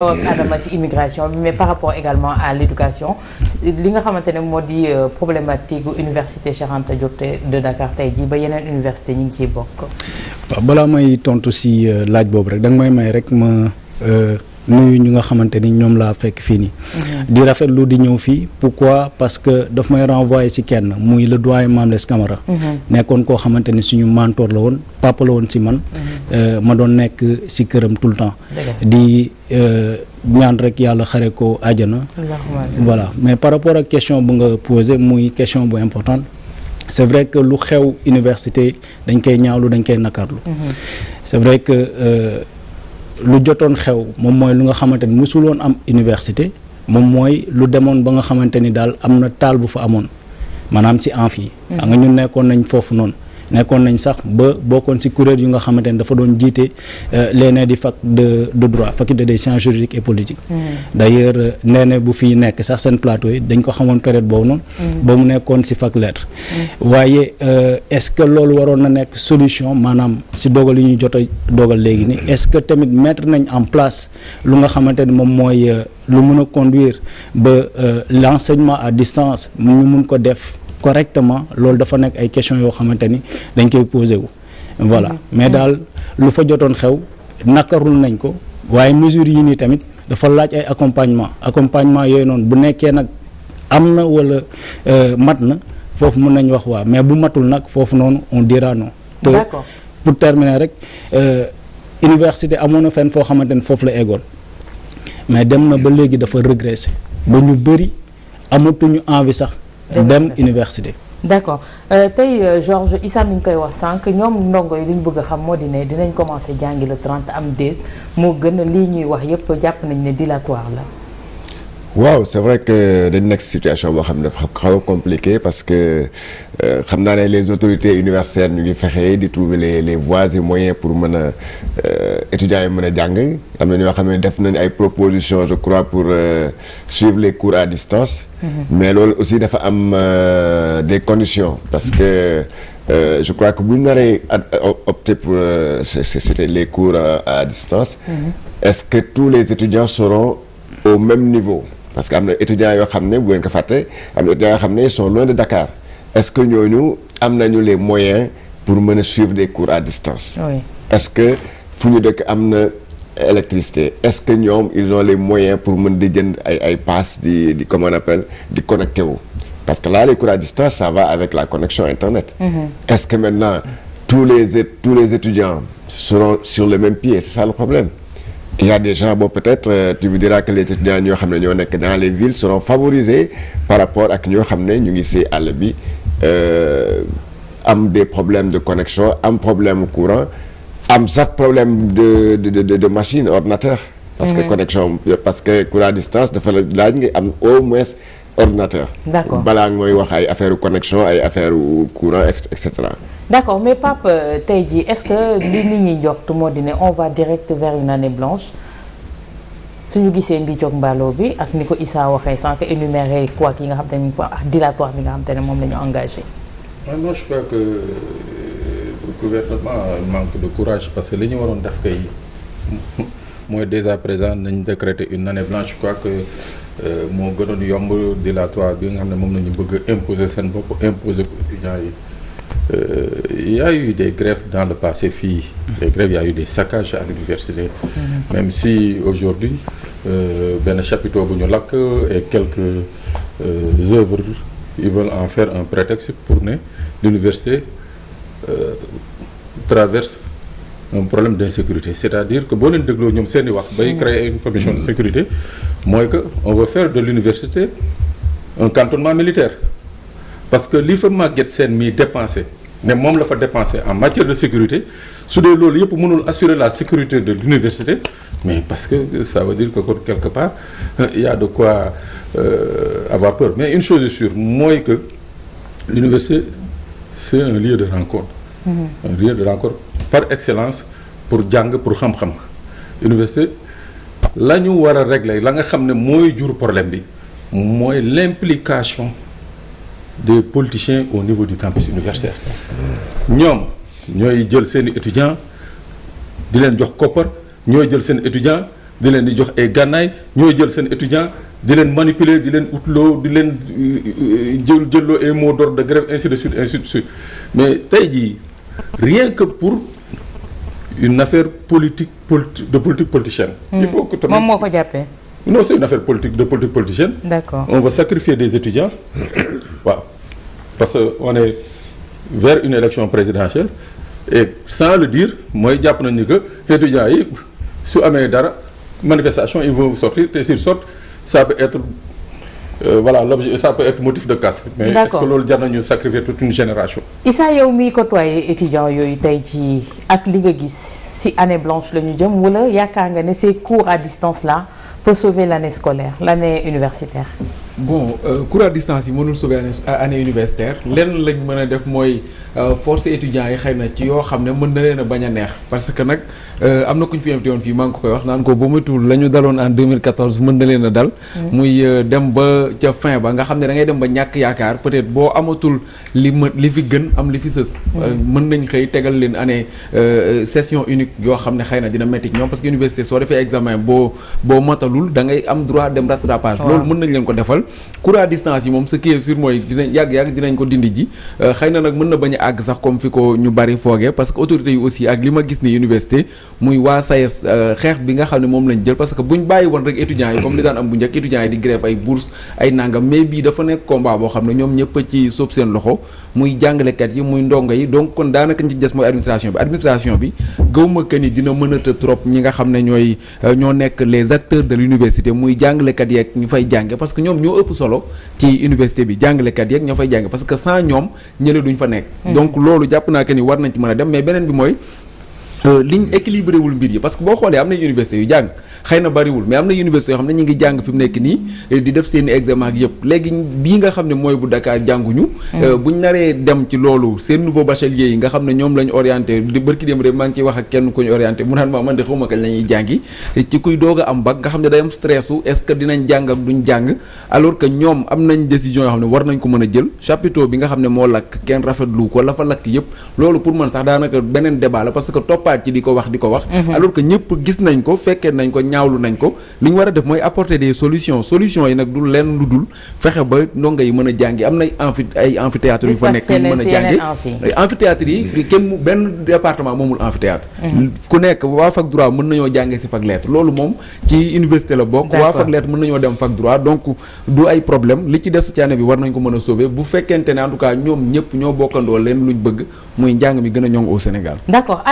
Euh, adama ci immigration bi mais par rapport di euh, problématique université Cheikh Anta Diop de Dakar tey jii ba yeneen université ñu balaa may tontu si euh, laaj boobu rek da nga may may rek ma nuyu ñu nga xamante ni ñoom la fekk fii nii mhm. di rafetlu di ñëw fii pourquoi parce que daf may renvoyer si kenn muy le doyen Mame Less Camara mhm. nekkoon koo xamante ni suñu mentor la woon papa la woon si man mhm. Euh, ma doon nekk si këram tout le temps di euh, ñaan rek yàlla xare ko àjjana voilà mais par rapport ak question bu nga posé muy question bu important c'est vrai que lu xew université dañ koy ñaawlu dañ koy nakarlu mhm. c'est vrai que euh, lu jotoon xew moom mooy lu nga xamante ni musuloon am université moom mooy lu demoon ba nga xamante ni daal am na taal bu fa amoon maanaam si amphi. Mhm. nga ñun nekkoon nañ foofu noonu nekkoon nañ sax ba bokkoon si kuréel yu nga xamante ne dafa doon jiite euh, leneen di fac de de droit faculté des sciences juridiques et politiques hmm. d'ailleurs euh, nee bu fi nekk sax seen plateau yi dañ ko xamoon période boobu noonu hmm. ba mu nekkoon ci fac lettre hmm. waaye euh, est-ce que loolu waroon na nekk solution maanaam ci dogal yi ñu jot a dogal léegi ni est-ce que tamit mettre nañ en place lu nga xamante ne moom mooy lu mën a conduire ba l'enseignement a distance ñu mun ko def correctement loolu dafa nekk ay questions yoo xamante ni dañ koy posé wu voilà mm-hmm. mais mm-hmm. daal lu fa jotoon xew nakarul nañ ko waaye mesures yi nii tamit dafa laaj ay accompagnement accompagnement yooyu noonu bu nekkee nag am na wala euh, mat na foofu mën nañ wax waa mais bu matul nag foofu noonu on dira non te pour terminer rek euh, université amoon na fenn foo xamante ni foofu la eggoon mais dem na ba léegi dafa régressé ba ñu bëri amatuñu envie sax dem université. d'accord euh, tey euh, Georges Issa mi ngi koy wax sànq ñoom ndongo yi li ñu bëgg a xam moo di ne dinañ commencer jàngi le 30 am déet moo gën a lii ñuy wax yépp jàpp nañ ne dilatoire la. waaw c'est vrai que dañ nekk situation boo xam ne dafa xaw a compliqué parce que euh, xam naa ne les autorités universitaires ñu ngi fexee di trouver les les voies et moyens pour mën a euh, étudiants yi mën a jàng am na ñoo xam ne def nañ ay propositions je crois pour euh, suivre les cours à distance. Mm-hmm. mais loolu aussi dafa am euh, des conditions parce que. Euh, je crois que bu ñu naree opté pour euh, c'était les cours à, euh, à distance. Mm-hmm. Est-ce que tous les étudiants seront au même niveau? parce que am na étudiants yoo xam ne bu ngeen ko fàtte am na étudiants yoo xam ne ils sont loin de Dakar est-ce que ñooñu am nañu les moyens pour mën a suivre des à distance. oui est que fu ñu dëkk am na électricité est-ce que ñoom ils ont les pour mën di jënd ay ay pass di di comment on appelle di connecté wu. parce que là les cours à distance ça va avec la connexion internet. Mm-hmm. est-ce que maintenant tous les tous les étudiants seront sur le même pied c'est ça le problème. il y a des gens bon peut-être euh, tu me diras que les étudiants ñoo xam ne ñoo nekk dans les villes seront favorisés par rapport ak ñoo xam ne ñu ngi si àll bi euh, am des problèmes de connection am problème courant am sax problème de de de, de, machine ordinateur. parce que mmh. connexion parce que cours à distance dafa laaj ngi am au moins ordinateur. d'accord balaa mooy wax ay affaire connexion ay affaire courant et cetera. d'accord mais Pape euh, tey jii est-ce que li nit ñi njortu moo di ne on va direct vers une année blanche suñu gisee Mbicog Mballo bi ak ni ko Issa waxee sans que énumérer quoi yi nga xam te ne dilatoire bi nga xam te ne moom la ñu engagé. Euh, moi je crois que le euh, gouvernement manque de courage parce que li ñu waroon def kay mooy dès à présent nañ décréter une année blanche je crois que. moo gënoon yomb dilatoire bi nga xam ne moom la ñu bëgg a imposer seen bopp imposer ko étudiants yi. Euh, il y a des grèves dans le passé fii des grèves il y a eu des saccages à l'université même si aujourd'hui euh, benn chapiteau bu ñu lakk et quelques euh, œuvres ils veulent en faire un prétexte pour ne l'université traverse un problème d'insécurité c'est-à-dire que boo leen dégloo ñoom seeni wax bay mm. créer une commission de sécurité mooy que on veut faire de l'université un cantonnement militaire parce que li fa Maguette seen mii dépensé ne moom la fa dépensé en matière de sécurité su dee loolu yëpp mënul assurer la sécurité de l'université mais parce que ça veut dire que kon quelque part il euh, de quoi euh, avoir mais une chose est sûre mooy que l'université c'est un lieu de rencontre mmh. un lieu de rencontre par excellence pour jàng pour xam-xam université la ñu war a régler la nga xam ne mooy jur problème bi mooy l'implication de politiciens au niveau du campus universitaire ñoom ñooy jël seen i di leen jox koppar ñooy jël seen étudiants di leen di jox ay gànnaay ñooy jël seen étudiants di leen manipuler di leen utloo di leen euh, jël jëlloo ay mots d'ordre de grève ainsi de suite ainsi mais tey jii rien que pour une affaire politique politi de politique politicienne. Hmm. moom moo ko jàppee. non c'est une affaire politique de politique politicienne. d'accord on va sacrifier des étudiants waaw parce que on est vers une élection présidentielle et sans le dire mooy jàpp nañu que étudiants yi su amee dara manifestation ils vont sortir te s'ils sortent ça peut être Euh, voilà l'objet ça peut être motif de casse. mais est-ce loolu jar nañu sacrifier toute une génération. Issa yow miy côtoyé étudiants yooyu tey ci ak li nga gis si année blanche la ñu jëm wala yaakaar nga ne ces cours à distance la peut sauver l'année scolaire l'année universitaire. bon euh, cours à distance yi mënul sauver année euh, universitaire lenn lañ mën a def mooy euh, forcer étudiants yi xëy na ci yoo xam ne mën na leen a bañ a neex parce que nag euh, am na ku ñu fi invité fii maa ngi ko koy wax naan ko ba moytuwul la ñu daloon en 2014 mën na leen dal mm. muy dem ba ca fin ba nga xam ne da ngay dem ba ñàkk yaakaar peut-être boo amatul li ma li fi gën am li fi sës mm. mën nañ xëy tegal leen année session unique yoo xam ne xëy na dina métti ñoom parce que université soo defee examen boo boo matalul da ngay am droit dem rattrapage loolu mën nañ leen ko defal cours à distance yi moom ce qui est sûr mooy dinañ yàgg-yàgg dinañ ko dindi ji euh, xëy na nag mën na bañ a àgg sax comme fi ko ñu bari foogee parce que autorités aussi ak li ma gis ni université muy waa SAES euh, xeex bi nga xam ne moom lañ jël parce que buñ bàyyi woon rek étudiants yi comme li daan am bu njëkk étudiants yi di grève ay bourse ay nangam mais bii dafa nekk combat boo xam ne ñoom ñëpp ci sóob seen loxo muy jàngalekat yi muy ndongo yi donc kon daanaka ñu ci des mooy administration bi administration bi gëwuma que ni dina mënata trop ñi nga xam ne ñooy euh, ñoo nekk les acteurs de l'université muy jàngalekat yeeg ñu fay jànge parce que ñoom ñoo ëpp solo ci université bi jàngalekat yeeg ñoo fay jànge parce que sans ñoom ñële duñ fa nekk hmm. donc loolu jàpp naa que ni war nañ ci mën a dem mais beneen bi mooy euh, liñ équilibré wul mbir yi parce que boo xoolee am nañ université yu jàng xëy na bariwul mais am na université yoo xam ne eh, mooy mm. eh, naree dem ci loolu seen nouveau bachelier yi nga xam ne ñoom lañ orienté di bërki dem rek maa ngi ku ñu orienté mu naan ma man de eh, a am bac nga xam ne day am stressu est-ce que dinañ jàng ak duñ jàng alors que ñoom am nañ décision yoo xam ne war nañ ko mën a jël chapiteau bi nga xam ne moo lakk kenn rafetlu ko la fa lakk yëpp loolu pour man sax daanaka beneen débat la parce que toppaat ci di ko wax di ko wax mm-hmm. alors que ñëpp gis nañ ko fekkee nañ ko ñaawlu nañ ko li ñu war a def mooy apporter des solutions solution yi nag du lenn lu dul fexe ba ndongo yi mën a jàngi am na amphi ay amphithéâtre yu fa nekk yu mën a jàngi amphithéâtre yi kenn benn département moomul amphithéâtre mm-hmm. ku nekk waa fac droit mën nañoo jàngee si fac lettre loolu moom ci université la bokk waa fac lettre mën nañoo dem fac droit donc du ay problème li ci des ci année bi war nañ ko mën a sauver bu fekkente ne en tout cas ñoom ñëpp ñoo bokkandoo leen luñ bëgg muy njàng mi gën a ñoŋ au Sénégal d'accord